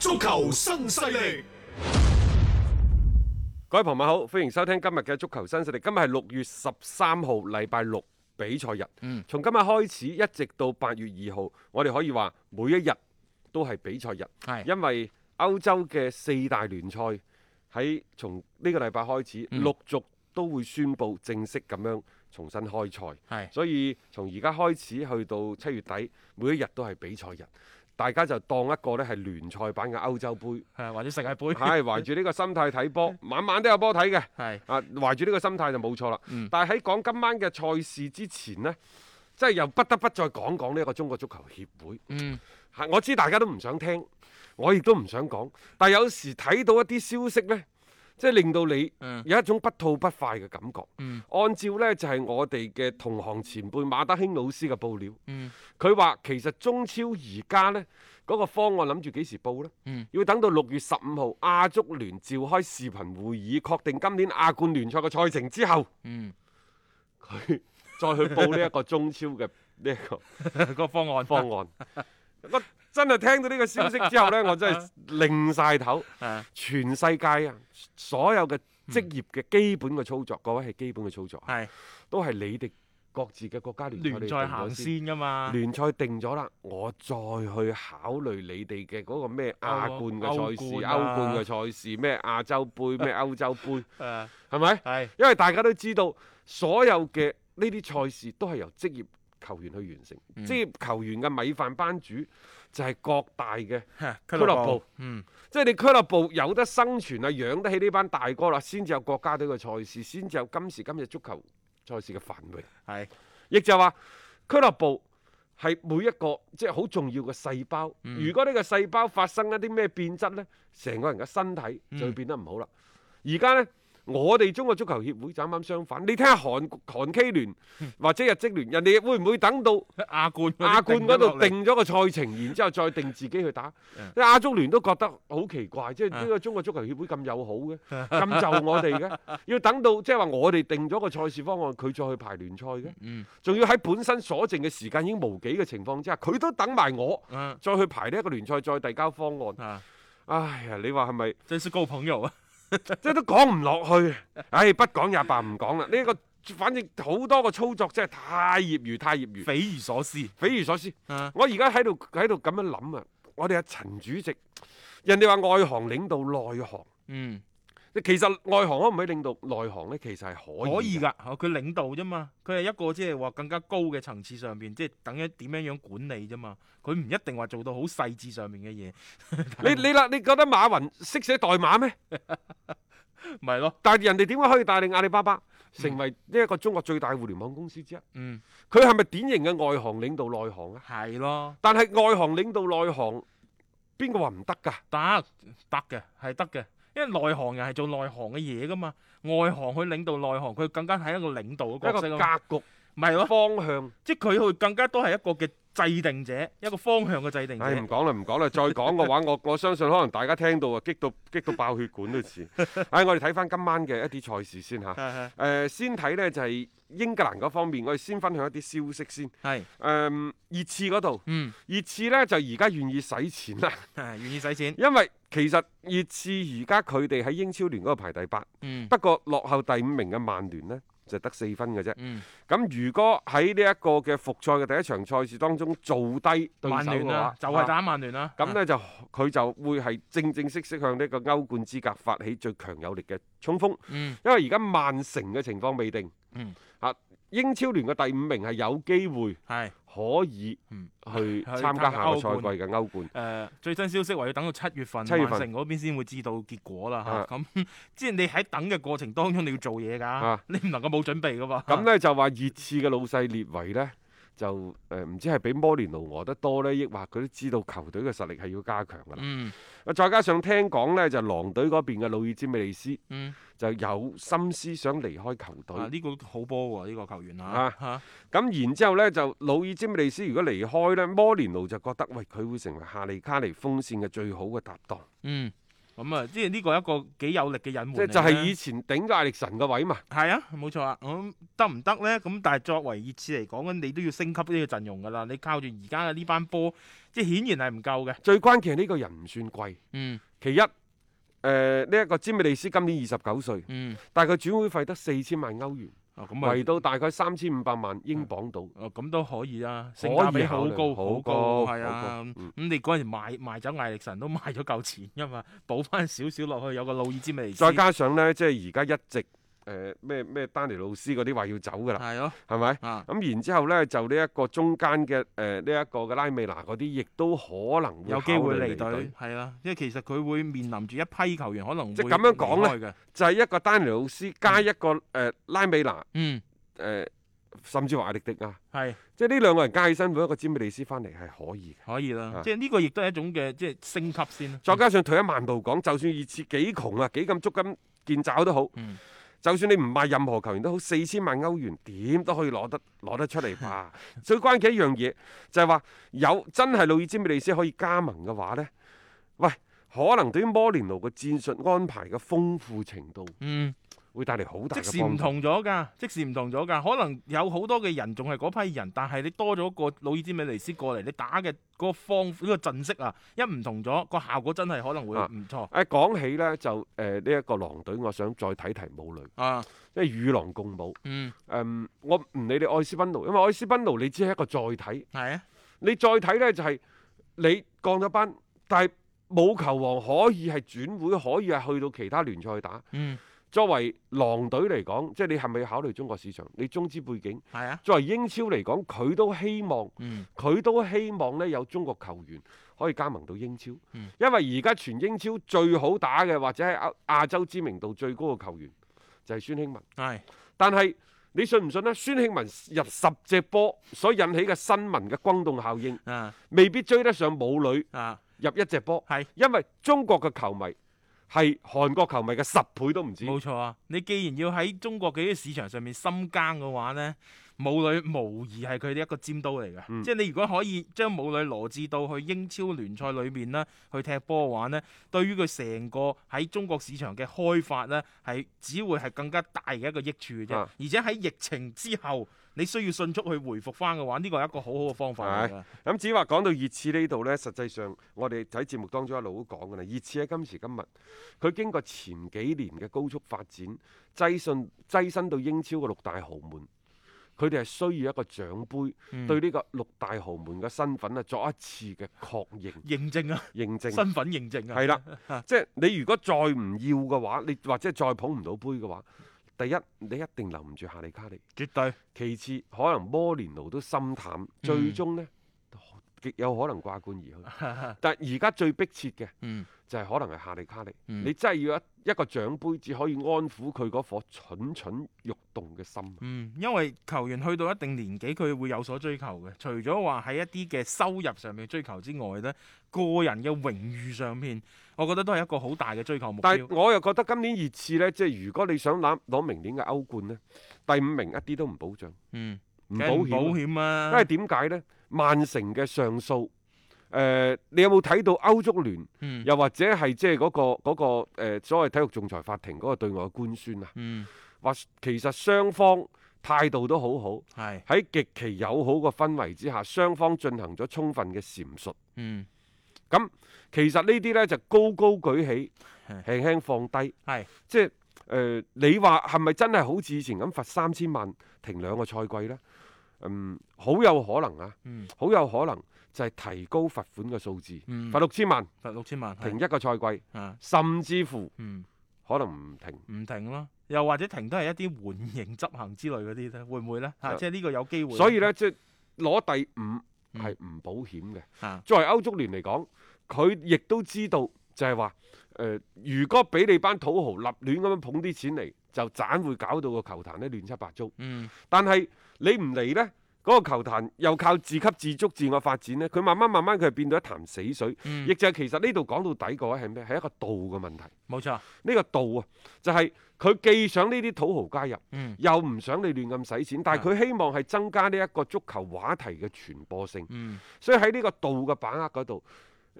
足球新勢力，各位朋友好，歡迎收聽今日嘅足球新勢力。今日係六月十三號，禮拜六比賽日。嗯，從今日開始一直到八月二號，我哋可以話每一日都係比賽日。是因為歐洲嘅四大聯賽喺從呢個禮拜開始、嗯、陸續都會宣布正式咁樣重新開賽。是所以從而家開始去到七月底，每一日都係比賽日。大家就當一個呢係聯賽版嘅歐洲杯，或者世界盃，係懷住呢 個心態睇波，晚晚都有波睇嘅，是啊，懷住呢個心態就冇錯啦。嗯，但係喺講今晚嘅賽事之前呢，即係又不得不再講講呢一個中國足球協會。嗯，我知大家都唔想聽，我亦都唔想講，但係有時睇到一啲消息呢。即係令到你有一種不吐不快嘅感覺。嗯、按照呢，就係、係、我哋嘅同行前輩馬德興老師嘅報料，佢話、嗯、其實中超而家呢嗰、嗰個方案諗住幾時報呢？嗯、要等到六月十五號亞足聯召開視頻會議，確定今年亞冠聯賽嘅賽程之後，佢、嗯、再去報呢一個中超嘅呢一個方案。 方案、 嗰個真係聽到呢個消息之後呢，我真係擰晒頭。全世界啊，所有嘅職業嘅基本嘅操作，各位係基本嘅操作，都係你哋各自嘅國家聯賽聯賽行先㗎嘛？聯賽定咗啦，我再去考慮你哋嘅嗰個咩亞冠嘅賽事、歐冠嘅賽事、咩亞洲杯、咩歐洲杯，係咪？因為大家都知道，所有嘅呢啲賽事都係由職業。球員去完成，即係、嗯、球員嘅米飯班主就係各大嘅俱，俱樂部。嗯，即係你俱樂部有得生存啊，養得起呢班大哥啦，先至有國家隊嘅賽事，先至有今時今日足球賽事嘅繁榮。係是，亦就話俱樂部係每一個即係好重要嘅細胞。嗯、如果呢個細胞發生一啲咩變質呢，成個人嘅身體就會變得唔好啦。而家、嗯、呢。我哋中國足球協會就啱相反，你睇下韓韓 K 聯或者日職聯，人哋會唔會等到亞、啊、冠亞、啊、冠嗰度、啊、定咗個賽程，然之後再定自己去打？Yeah. 亞足聯都覺得好奇怪，即係呢個中國足球協會咁友好嘅，咁就 Yeah. 我哋嘅， 要等到即係話我哋定咗個賽事方案，佢再去排聯賽嘅，仲、 嗯嗯、要喺本身所剩嘅時間已經無幾嘅情況之下，佢都等埋我再去排呢一個聯賽，再遞交方案。哎呀 Yeah. 你話係咪？真是夠朋友啊！即係都講唔落去，唉、哎，不講也罷，唔講啦。呢、這個反正好多個操作真係太業餘，太業餘，匪夷所思，匪夷所思。啊、我而家喺度喺度咁樣諗啊，我哋阿陳主席，人哋話外行領導內行，嗯。其實外行可唔可以領導內行咧？其實係可以，可以噶。佢領導啫嘛，佢係一個即係話更加高嘅層次上邊，即係等於點樣樣管理啫嘛。佢唔一定話做到好細緻上面嘅嘢 是。你你啦，你覺得馬雲識寫代碼咩？唔 係是咯，但係人哋點解可以帶領阿里巴巴成為呢一個中國最大互聯網公司之一？嗯，佢係咪典型嘅外行領導內行啊？係是咯，但係外行領導內行，邊個話唔得噶？得，得嘅，係得嘅。因為內行人係做內行嘅嘢噶嘛，外行去領導內行，佢更加係一個領導嘅角色，一個格局，啊，唔係咯？方向，即係佢去更加都係一個嘅制定者，一個方向嘅制定者。唉，唔講啦，唔講啦， 再講嘅話，我我相信可能大家聽到啊，激到激到爆血管都似。 唉，我哋睇翻今晚嘅一啲賽事先吓。誒、啊呃，先睇呢就係、是、英格蘭嗰方面，我哋先分享一啲消息先。係是。誒，熱刺嗰度，嗯，熱刺，刺呢就而家願意使錢啦，願意使錢，因為。其實，熱刺而家佢哋喺英超聯嗰度排第八，嗯、不過落後第五名嘅曼聯呢，就得四分嘅啫。咁、嗯、如果喺呢一個嘅復賽嘅第一場賽事當中做低對手嘅話，曼就係、是、打曼聯啦。咁、啊、呢，就佢就會係正正式式向呢個歐冠資格發起最強有力嘅衝鋒。嗯、因為而家曼城嘅情況未定。嚇、嗯！啊英超聯嘅第五名係有機會係可以去參加下個賽季嘅歐冠。誒、呃，最新消息話要等到七月份，七月份成嗰邊先會知道結果啦。吓、啊，咁即係你喺等嘅過程當中你要做嘢噶啊、你唔能夠冇準備噶嘛。咁呢就話熱刺嘅老細列維呢。就誒唔、呃、知係比摩連奴餓得多呢，抑或佢都知道球隊嘅實力係要加強噶啦。嗯、再加上聽講呢，就狼隊嗰邊嘅魯爾詹美利斯，嗯、就有心思想離開球隊。呢個好波喎，呢、呢個球員球啊。咁、啊、然之後呢，就魯爾詹美利斯如果離開呢，摩連奴就覺得喂，佢會成為夏利卡尼鋒線嘅最好嘅搭檔。嗯。咁啊，即係呢個一個幾有力嘅隱瞞。即就係以前頂咗艾力神個位嘛。係啊，冇錯啊。咁得唔得咧？咁但係作為熱刺嚟講，咁你都要升級呢個陣容噶啦。你靠住而家嘅呢班波，即係顯然係唔夠嘅。最關鍵係呢個人唔算貴。嗯。其一，誒、呃，呢、這、一個詹美利斯今年二十九歲。嗯。但係佢轉會費得四千萬歐元。啊咁啊，賣到大概三千五百萬英鎊度，哦咁都可以啦，啊，性價比好高好高，好高係啊，咁你嗰陣時賣賣走艾力神都賣咗夠錢噶嘛，補翻少少落去有個老意之味，啊，再加上咧即係而家一直。誒，咩咩丹尼路斯嗰啲話要走噶啦？係咯，係咪？咁然之後咧，就呢一個中間嘅誒，呢一個嘅拉美娜嗰啲，亦都可能有機會離隊。係啊，因為其實佢會面臨住一批球員，可能即咁樣講咧，就係一個丹尼路斯加一個誒拉美娜，嗯，誒甚至話力迪啊，係，即係呢兩個人加起身，每一個詹米利斯翻嚟係可以，可以啦。即係呢個亦都係一種嘅即係升級先。再加上退一萬步講，就算熱刺幾窮啊，幾咁捉襟見肘都好。嗯。就算你唔賣任何球員都好，四千萬歐元點都可以攞得攞得出嚟吧。最 關鍵一樣嘢就係、是、話，有真係路易·詹比利斯可以加盟嘅話呢，喂，可能對於摩連奴嘅戰術安排嘅豐富程度，嗯。會帶嚟好大即時唔同咗噶，即時唔同咗噶，可能有好多嘅人仲係嗰批人，但係你多咗個老爾基美尼斯過嚟，你打嘅個方呢、那個陣式啊，一唔同咗、那個效果，真係可能會唔錯。誒、啊，講、啊、起咧就誒呢一個狼隊，我想再睇提武磊啊，即係與狼共舞。嗯，誒、嗯，我唔理你愛斯賓奴，因為愛斯賓奴你只係一個載體。係啊，你載體咧就係、是、你降咗班，但係武球王可以係轉會，可以係去到其他聯賽去打。嗯。作為狼隊嚟講，即係你係咪考慮中國市場？你中資背景。啊、作為英超嚟講，佢都希望，佢、嗯、都希望呢有中國球員可以加盟到英超。嗯、因為而家全英超最好打嘅，或者亞亞洲知名度最高嘅球員就係孫興文。是但係你信唔信呢？孫興文入十隻波所引起嘅新聞嘅轟動效應，啊、未必追得上武磊入一隻波。啊、因為中國嘅球迷。係韓國球迷嘅十倍都唔止。冇錯啊！你既然要喺中國嘅啲市場上面深耕嘅話呢，武磊無疑係佢哋一個尖刀嚟嘅。嗯、即係你如果可以將武磊攞至到去英超聯賽裏面啦，去踢波嘅話呢，對於佢成個喺中國市場嘅開發呢，係只會係更加大嘅一個益處嘅啫。啊、而且喺疫情之後。你需要迅速去回復翻嘅話，呢個係一個好好嘅方法。咁只係話講到熱刺呢度呢，實際上我哋喺節目當中一路都講㗎啦。熱刺喺今時今日，佢經過前幾年嘅高速發展，躋進躋身到英超嘅六大豪門，佢哋係需要一個獎杯，嗯、對呢個六大豪門嘅身份啊作一次嘅確認、認證啊、認證身份認證啊。係啦的， 即係你如果再唔要嘅話，你或者再捧唔到杯嘅話。第一，你一定留唔住哈利卡尼，絕對底。其次，可能摩連奴都心淡，嗯、最終呢？極有可能掛冠而去，但係而家最迫切嘅就係可能係夏利卡利。嗯，你真係要一一個獎杯，至可以安撫佢嗰顆蠢蠢欲動嘅心。嗯，因為球員去到一定年紀，佢會有所追求嘅。除咗話喺一啲嘅收入上面追求之外呢，個人嘅榮譽上面，我覺得都係一個好大嘅追求。但係我又覺得今年熱刺呢，即係如果你想攞攞明年嘅歐冠呢，第五名一啲都唔保障。嗯。唔保險啊！因、啊、為點解呢？曼城嘅上訴，誒、呃，你有冇睇到歐足聯，嗯、又或者係即係嗰個嗰、嗰個呃、所謂體育仲裁法庭嗰個對外嘅官宣啊？嗯，話其實雙方態度都好好，喺是極其友好嘅氛圍之下，雙方進行咗充分嘅闡述。嗯，咁、嗯、其實呢啲呢，就高高舉起，輕輕，輕放低，係即係。誒、呃，你話係咪真係好似以前咁罰三千萬停兩個賽季呢？嗯，好有可能啊，好、嗯、有可能就係提高罰款嘅數字，嗯、罰六千萬，罰六千萬，停一個賽季，啊、甚至乎，啊嗯、可能唔停，唔停咯，又或者停都係一啲緩刑執行之類嗰啲呢，會唔會呢？嚇，即係呢個有機會。所以呢，即係攞第五係唔、啊、保險嘅。啊啊、作為歐足聯嚟講，佢亦都知道。就係話誒，如果俾你班土豪立亂咁樣捧啲錢嚟，就盞會搞到個球壇咧亂七八糟。嗯、但係你唔嚟呢，嗰、嗰個球壇又靠自給自足、自我發展咧，佢慢慢慢慢佢變到一潭死水。亦、嗯、就係其實呢度講到底個咧係咩？係一個道嘅問題。冇錯，呢個道啊，就係、係、佢既想呢啲土豪加入，嗯、又唔想你亂咁使錢，但係佢希望係增加呢一個足球話題嘅傳播性。嗯、所以喺呢個道嘅把握嗰度。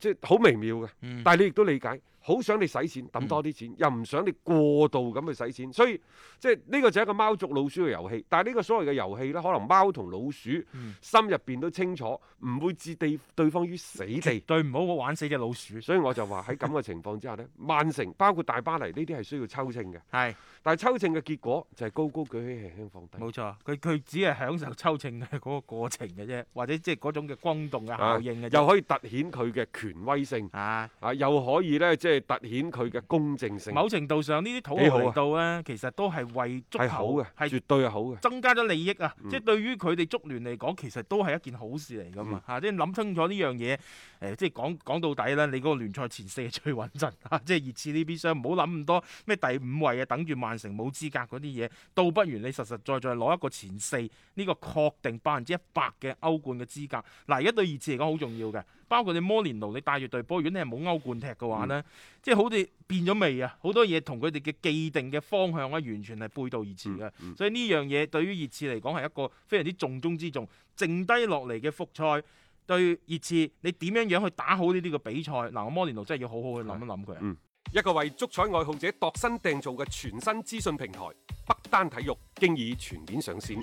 即係好微妙嘅，嗯、但係你亦都理解。好想你使錢抌多啲錢，又唔想你過度咁去使錢，所以即係呢、這個就係一個貓捉老鼠嘅遊戲。但係呢個所謂嘅遊戲呢，可能貓同老鼠心入邊都清楚，唔會置對對方於死地。絕對唔好我玩死隻老鼠。所以我就話喺咁嘅情況之下呢，曼城包括大巴黎呢啲係需要抽秤嘅。係。是，但係抽秤嘅結果就係、是、高高舉起，輕輕放低。冇錯，佢佢只係享受抽秤嘅嗰個過程嘅啫，或者即係嗰種嘅轟動嘅效應嘅、啊。又可以突顯佢嘅權威性。啊，啊又可以呢。即即係突顯佢嘅公正性，某程度上呢啲討論渠道咧，其實都係為足球嘅，係絕對好嘅，增加咗利益啊！即係對於佢哋足聯嚟講，其實都係一件好事嚟噶嘛嚇。即係諗清楚呢樣嘢，誒、呃，即係講講到底啦。你嗰個聯賽前四係最穩陣嚇、啊，即係熱刺呢邊想唔好諗咁多咩第五位啊，等住曼城冇資格嗰啲嘢，倒不如你實實在在攞一個前四，呢個確定百分之一百嘅歐冠嘅資格。嗱，而家對熱刺嚟講好重要嘅。包括你摩連奴，你帶住隊波，如果你係冇歐冠踢嘅話呢，嗯、即係好似變咗味啊！好多嘢同佢哋嘅既定嘅方向咧，完全係背道而馳嘅。嗯嗯、所以呢樣嘢對於熱刺嚟講係一個非常之重中之重。剩低落嚟嘅復賽對熱刺，你點樣樣去打好呢啲嘅比賽？嗱、呃，我摩連奴真係要好好去諗一諗佢。嗯嗯、一個為足彩愛好者度身訂造嘅全新資訊平台北單體育，經已全面上線。